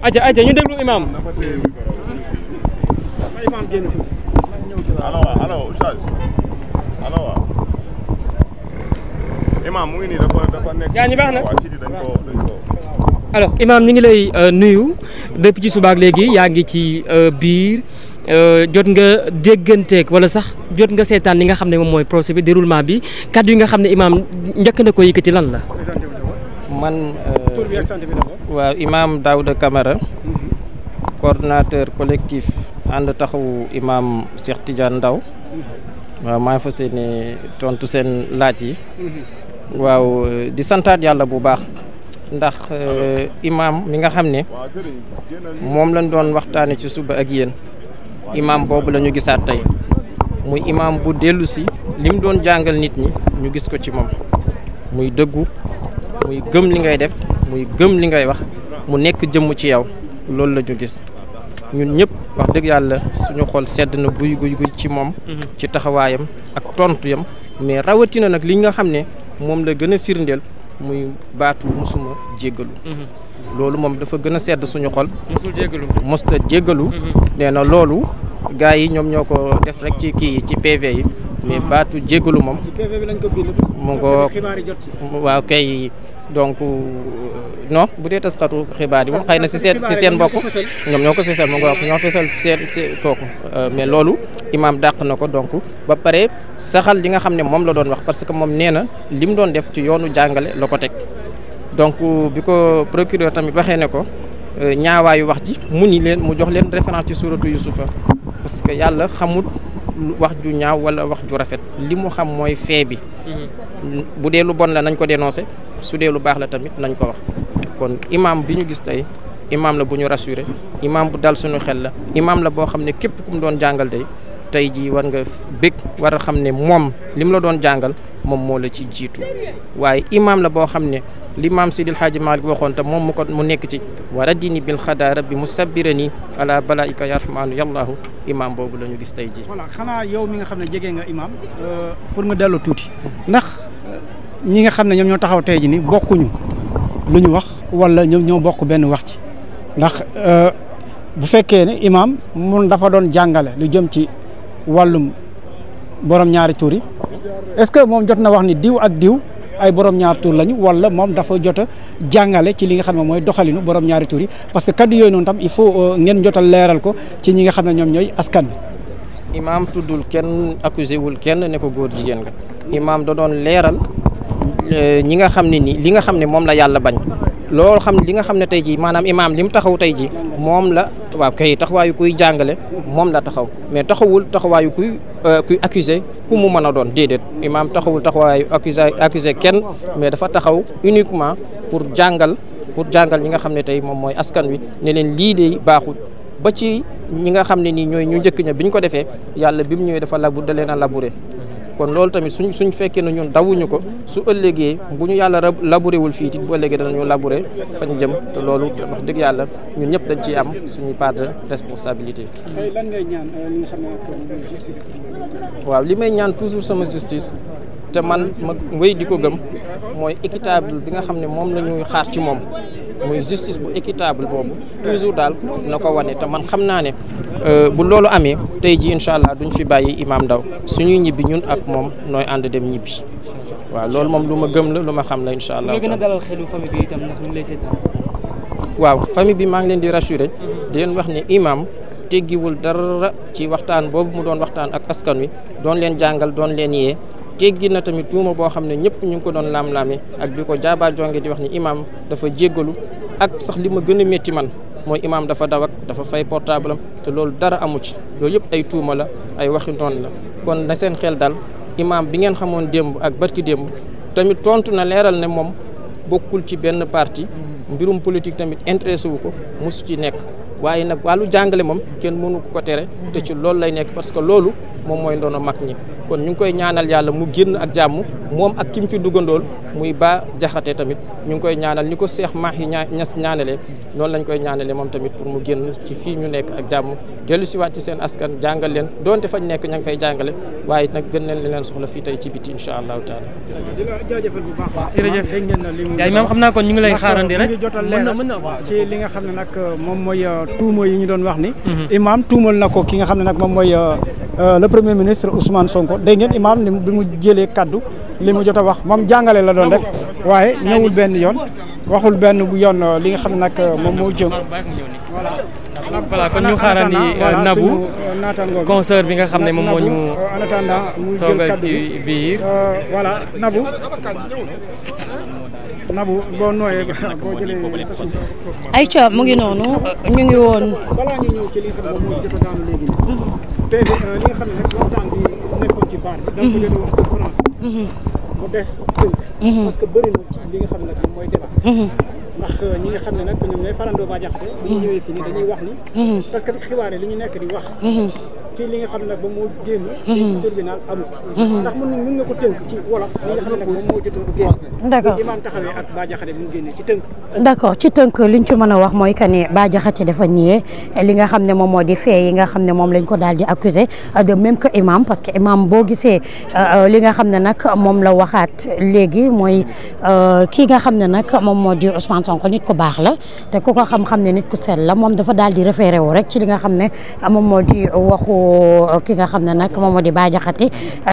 aja aja ñu déglu imam allo allo Oustaz allo ngi lay euh, nuyu depuis ci subaak léegi yaa ngi ci euh, biir euh, jot nga dégganteeg wala sax jot nga seetaan li nga xam ne moom mooy procès bi déroulement bi kat yi nga xam ne imaam njëkk na ko yëkkati lan la. man. Euh, tur bi ak sant bi imaam Daouda Camara. coordonnateur collectif ànd taxawu imaam Cheikh Tidiane ndaw waaw maa fas yéene tontu seen laaj yi. Mhm. waaw di santaat yàlla bu baax. ndax euh, imaam mi nga xam ne moom lañ doon waxtaane ci suba ak yéen imaam boobu lañu gisaat tey muy imaam bu dellusi si li mu doon jàngal nit ñi ñu gis ko ci moom muy dëggu muy gëm li ngay def muy gëm li ngay wax mu nekk jëmm ci yow loolu la ñu gis ñun ñëpp wax dëgg yàlla suñu xol sedd na guy guy ci moom. Mhm. ci taxawaayam ak tontu yam mais rawatina nag li nga xam ne moom la gën a firndeel muy baatu musuma jéggalu. Mhm. loolu moom dafa gën a sedd suñu xol. musul jéggalu mosta jéggalu. Mhm. nee na loolu gars yi ñoom ñoo ko def rek ci kii yi ci PV yi mais baatu jéggalu moom. mu ngoog waaw kay. donc euh, no bu dee taskatu xibaar yi moom xay na si seen si seen mbokk ñoom ñoo ko fésal moo ngi ñoo fésal kooku euh, mais loolu imaam dàq na ko donc ba pare saxal li nga xam ne moom la doon wax parce que moom nee na li mu doon def ci yoonu jàngale la ko teg donc euh, bi ko procureur tamit waxee ne ko ñaawaayu wax ji mu ni leen mu jox leen référence ci suuratu Yusufa parce que yàlla xamut wax ju ñaaw wala wax ju rafet li mu xam mooy fee bi mhm. bu dee lu bon la nañ ko dénoncé su dee lu baax la tamit nañ ko wax kon imaam bi ñu gis tey imaam la bu ñu rassuré imaam bu dal suñu xel la imaam la boo xam ne képp kum doon jàngal tey tey jii war nga bég war a xam ne moom li mu la doon jàngal moom moo la ci jiitu waaye imaam la boo xam ne li maam Seydil xaaj Malick waxoon te moom mu mu nekk ci war a dini bil xadaa rabbi mu sabbira nii ala balaika ya rahmaanu yallaahu imaam boobu la ñu gis tey ji voilà xanaa yow mi nga xam ne jege nga imaam. Euh, pour nga dellu tuuti. ndax euh, ñi nga xam ne ñoom ñoo taxaw tey jii ni bokkuñu lu ñu wax wala ñoom ñoo bokk benn wax ci ndax euh, bu fekkee ne imaam mun dafa doon jàngale lu jëm ci. wàllum borom ñaari tuur yi est-ce que moom jot na wax ni diw ak diw ay borom ñaari tuur lañu wala moom dafa jot jàngale ci li nga xam ne mooy doxalinu borom ñaari tuur parce que kaddu yooyu noonu tam il faut euh, ngeen jotal leeral ko ci ñi nga xam ne ñoom ñooy askan mi imaam tuddul kenn accusé wul kenn ne ko góor jigéen nga. imaam da doon leeral euh, ñi nga xam ne nii li nga xam ne moom la yàlla bañ. loolu xam li nga xam ne tey jii maanaam imaam li mu taxaw tey jii moom la waaw kay taxawaayu kuy jàngale moom la taxaw mais taxawul taxawaayu kuy euh, kuy accusé ku mu mën a doon déedéet imaam taxawul taxawaayu accusé accusé kenn mais dafa taxaw uniquement pour jàngal pour jàngal ñi nga xam ne tey moom mooy askan wi ne leen lii de baaxul ba ci ñi nga xam ne nii ñooy ñu njëkk ña bi ñu ko defee yàlla bi mu ñëwee dafa labu da leen a labouré kon loolu tamit suñ suñ fekkee ne dawuñu ko su ëllëgee bu ñu yàlla labouré wul fii it bu ëllëgee danañu labouré fañ jëm te loolu wax dëgg yàlla ñun ñëpp dañ ciy am suñuy part de responsabilité. tey lan euh, xam ne waaw li may ñaan toujours sama justice te man ma wéy di ko gëm mooy équitable bi nga xam ne moom la xaar ci moom. muy justice bu équitable boobu toujours daal na ko wane te man xam naa ne euh, bu loolu amee tey ji incha allah duñ fi bàyyi Imam Ndao suñuy ñibbi ñun ak moom nooy ànd dem ñibbi waaw loolu moom lu ma gëm la lu ma xam la incha allah. gën a dalal xelu famille bi itam ndax ñu ngi waaw famille bi maa ngi leen di rassurer di leen wax ne imam teggiwul dara ci waxtaan boobu mu doon waxtaan ak askan wi doon leen jàngal doon leen yee. teggi na tamit tuuma boo xam ne ñëpp ñu ngi ko doon laam-laami ak di ko jaaba jonge di wax ni imaam dafa jéggalu ak sax li ma gën a métti man mooy imaam dafa daw dafa fay portable am te loolu dara amu ci loolu yëpp ay tuuma la ay waxi noonu la kon na seen xel dal imaam bi ngeen xamoon démb ak barki démb tamit tontu na leeral ne moom bokkul ci benn parti mbirum politique tamit intéressé wu ko mosu ci nekk waaye nag wàllu jàngale moom kenn mënu ko ko ci loolu lay nekk parce que loolu moom mooy ndono mag ñi kon ñu ngi koy ñaanal yàlla mu génn ak jàmm moom ak ki mu fi duggandool muy Bah Diakhaté tamit ñu ngi koy ñaanal ñu ko Cheikh Mahi Niass ñaanale noonu lañ koy ñaanale moom tamit pour mu génn ci fii nekk ak jàmm dellu si waat ci seen askan jàngal leen donte fañ nekk ña ngi fay jàngale waaye nag gën leen leen soxla fii tey ci biti incha allahu taala. jaajëfal bu baax waaw jërëjëf yaay xam naa kon ñu ngi lay xaarandi rek mën na mën na ci li nga xam ne nag euh, moom mooy euh, tuuma yi ñu doon wax ni mm-hmm. imam tuumal na ko ki nga xam ne nag moom mooy euh, le premier ministre Ousmane Sonko ko dégg ngeen imaam li bi mu jëlee kaddu li mu jot a wax moom jàngale la doon def waaye ñëwul benn yoon waxul benn bu yoon euh, li nga xam ne nag euh, moom moo jëm. voilà kon ñu xaaral euh, bi nga xam ne moom moo ñu. en attendant mu jël kaddu ci biir. voilà Nabou. boo nooyee boo ay ca mu ngi noonu ñu ngi woon. ci baar bi. donc dañuy wax conférence. Mhm. mu des tënk. Mhm. parce que bëri na ci li nga xam ne nag mooy débat. Mhm. ndax euh, ñi nga xam ne nag ñoom ñooy farandoo ba jaxte bu ñu ñëwee dañuy wax ni. parce que xibaar yi li ñu nekk di wax. ci li nga xam ne mhm. ci tribunal mhm. li nga moom moo jotoon génn. ci mën a wax mooy que ne Bah Diakhaté dafa ñëwee li nga xam ne moom moo di fee yi nga xam ne moom lañ ko daal di accusé euh, de même que imam parce que imam boo gisee euh, li nga xam ne nag moom la waxaat léegi mooy euh, kii nga xam ne nag moom moo di Ousmane Sonko nit ku baax la te ku ko xam-xam ne nit ku sell la moom dafa dal di référé wu rek ci li nga xam ne moom moo di waxu ki nga xam na nag moom moo di Bah